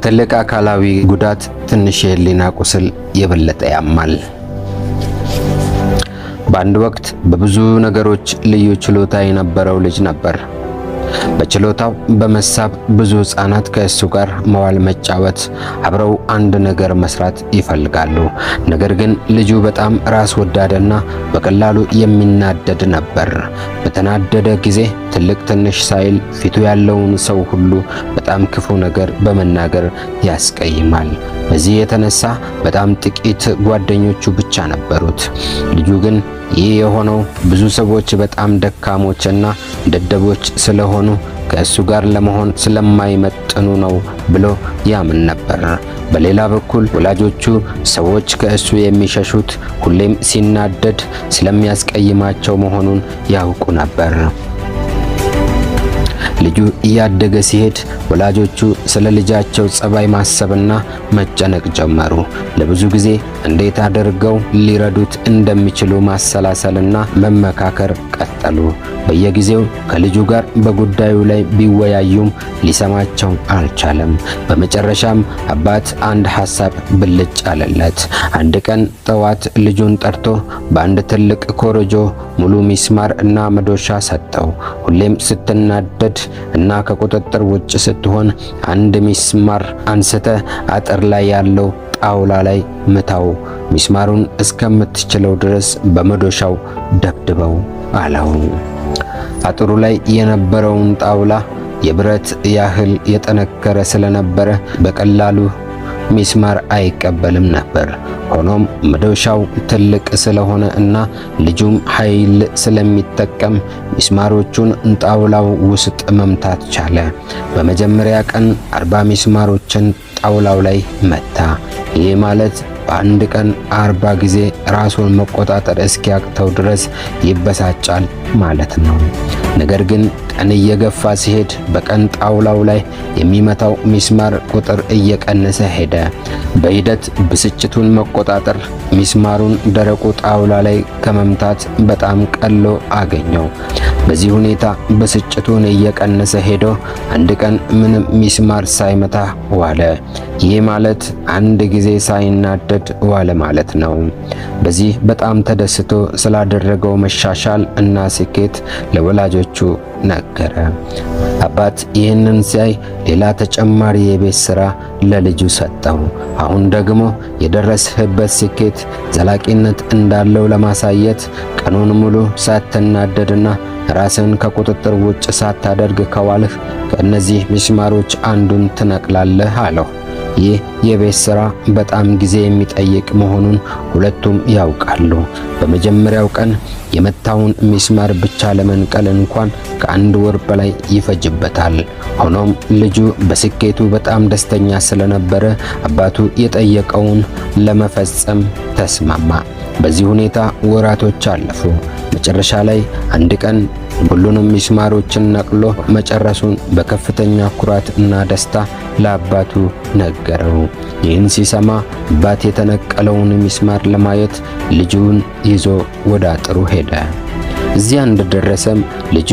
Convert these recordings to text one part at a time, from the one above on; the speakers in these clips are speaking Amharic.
ከትልቅ አካላዊ ጉዳት ትንሽ የህሊና ቁስል የበለጠ ያማል። በአንድ ወቅት በብዙ ነገሮች ልዩ ችሎታ የነበረው ልጅ ነበር። በችሎታው በመሳብ ብዙ ህፃናት ከእሱ ጋር መዋል፣ መጫወት፣ አብረው አንድ ነገር መስራት ይፈልጋሉ። ነገር ግን ልጁ በጣም ራስ ወዳድና በቀላሉ የሚናደድ ነበር። በተናደደ ጊዜ ትልቅ ትንሽ ሳይል ፊቱ ያለውን ሰው ሁሉ በጣም ክፉ ነገር በመናገር ያስቀይማል። በዚህ የተነሳ በጣም ጥቂት ጓደኞቹ ብቻ ነበሩት። ልጁ ግን ይህ የሆነው ብዙ ሰዎች በጣም ደካሞችና ደደቦች ስለሆኑ ከእሱ ጋር ለመሆን ስለማይመጥኑ ነው ብሎ ያምን ነበር። በሌላ በኩል ወላጆቹ ሰዎች ከእሱ የሚሸሹት ሁሌም ሲናደድ ስለሚያስቀይማቸው መሆኑን ያውቁ ነበር። ልጁ እያደገ ሲሄድ ወላጆቹ ስለ ልጃቸው ጸባይ ማሰብና መጨነቅ ጀመሩ። ለብዙ ጊዜ እንዴት አድርገው ሊረዱት እንደሚችሉ ማሰላሰልና መመካከር ቀጠሉ። በየጊዜው ከልጁ ጋር በጉዳዩ ላይ ቢወያዩም ሊሰማቸው አልቻለም። በመጨረሻም አባት አንድ ሐሳብ ብልጭ አለለት። አንድ ቀን ጠዋት ልጁን ጠርቶ በአንድ ትልቅ ኮረጆ ሙሉ ሚስማር እና መዶሻ ሰጠው። ሁሌም ስትናደድ እና ከቁጥጥር ውጭ ስትሆን አንድ ሚስማር አንስተ አጥር ላይ ያለው ጣውላ ላይ ምታው፣ ሚስማሩን እስከምትችለው ድረስ በመዶሻው ደብድበው አለው። አጥሩ ላይ የነበረውን ጣውላ የብረት ያህል የጠነከረ ስለነበረ በቀላሉ ሚስማር አይቀበልም ነበር። ሆኖም መዶሻው ትልቅ ስለሆነ እና ልጁም ኃይል ስለሚጠቀም ሚስማሮቹን ጣውላው ውስጥ መምታት ቻለ። በመጀመሪያ ቀን አርባ ሚስማሮችን ጣውላው ላይ መታ። ይህ ማለት በአንድ ቀን አርባ ጊዜ ራሱን መቆጣጠር እስኪያቅተው ድረስ ይበሳጫል ማለት ነው። ነገር ግን ቀን እየገፋ ሲሄድ በቀን ጣውላው ላይ የሚመታው ሚስማር ቁጥር እየቀነሰ ሄደ። በሂደት ብስጭቱን መቆጣጠር ሚስማሩን ደረቁ ጣውላ ላይ ከመምታት በጣም ቀሎ አገኘው። በዚህ ሁኔታ ብስጭቱን እየቀነሰ ሄዶ አንድ ቀን ምንም ሚስማር ሳይመታ ዋለ። ይህ ማለት አንድ ጊዜ ሳይናደድ ዋለ ማለት ነው። በዚህ በጣም ተደስቶ ስላደረገው መሻሻል እና ስኬት ለወላጆቹ ነገረ። አባት ይህንን ሲያይ ሌላ ተጨማሪ የቤት ሥራ ለልጁ ሰጠው። አሁን ደግሞ የደረስህበት ስኬት ዘላቂነት እንዳለው ለማሳየት ቀኑን ሙሉ ሳትናደድና ራስን ከቁጥጥር ውጭ ሳታደርግ ከዋልህ ከእነዚህ ምስማሮች አንዱን ትነቅላለህ አለው። ይህ የቤት ሥራ በጣም ጊዜ የሚጠይቅ መሆኑን ሁለቱም ያውቃሉ። በመጀመሪያው ቀን የመታውን ሚስማር ብቻ ለመንቀል እንኳን ከአንድ ወር በላይ ይፈጅበታል። ሆኖም ልጁ በስኬቱ በጣም ደስተኛ ስለነበረ አባቱ የጠየቀውን ለመፈጸም ተስማማ። በዚህ ሁኔታ ወራቶች አለፉ። መጨረሻ ላይ አንድ ቀን ሁሉንም ሚስማሮችን ነቅሎ መጨረሱን በከፍተኛ ኩራት እና ደስታ ለአባቱ ነገረው። ይህን ሲሰማ አባት የተነቀለውን ሚስማር ለማየት ልጁን ይዞ ወደ አጥሩ ሄደ። እዚያ እንደደረሰም ልጁ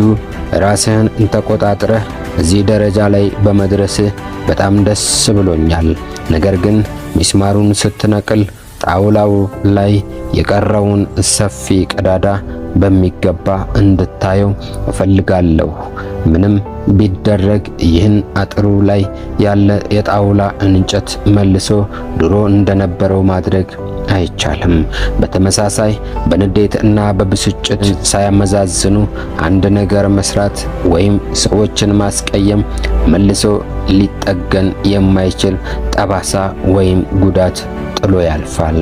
ራስህን ተቆጣጥረህ እዚህ ደረጃ ላይ በመድረስህ በጣም ደስ ብሎኛል። ነገር ግን ሚስማሩን ስትነቅል ጣውላው ላይ የቀረውን ሰፊ ቀዳዳ በሚገባ እንድታየው እፈልጋለሁ። ምንም ቢደረግ ይህን አጥሩ ላይ ያለ የጣውላ እንጨት መልሶ ድሮ እንደነበረው ማድረግ አይቻልም። በተመሳሳይ በንዴት እና በብስጭት ሳያመዛዝኑ አንድ ነገር መስራት ወይም ሰዎችን ማስቀየም መልሶ ሊጠገን የማይችል ጠባሳ ወይም ጉዳት ጥሎ ያልፋል።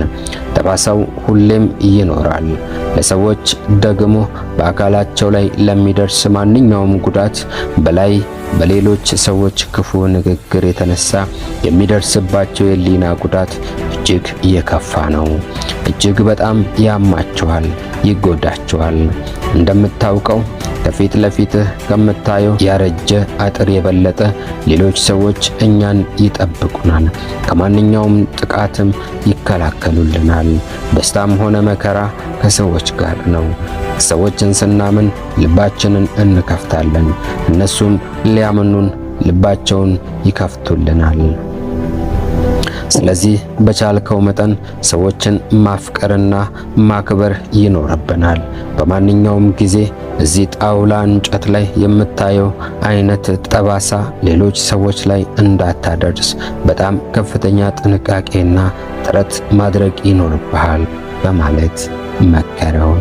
ጠባሳው ሁሌም ይኖራል። ለሰዎች ደግሞ በአካላቸው ላይ ለሚደርስ ማንኛውም ጉዳት በላይ በሌሎች ሰዎች ክፉ ንግግር የተነሳ የሚደርስባቸው የሊና ጉዳት እጅግ የከፋ ነው። እጅግ በጣም ያማችኋል፣ ይጎዳችኋል። እንደምታውቀው ከፊት ለፊትህ ከምታየው ያረጀ አጥር የበለጠ ሌሎች ሰዎች እኛን ይጠብቁናል፣ ከማንኛውም ጥቃትም ይከላከሉልናል። ደስታም ሆነ መከራ ከሰዎች ጋር ነው። ሰዎችን ስናምን ልባችንን እንከፍታለን፣ እነሱም ሊያምኑን ልባቸውን ይከፍቱልናል። ስለዚህ በቻልከው መጠን ሰዎችን ማፍቀርና ማክበር ይኖርብናል። በማንኛውም ጊዜ እዚህ ጣውላ እንጨት ላይ የምታየው አይነት ጠባሳ ሌሎች ሰዎች ላይ እንዳታደርስ በጣም ከፍተኛ ጥንቃቄና ጥረት ማድረግ ይኖርብሃል በማለት መከረው።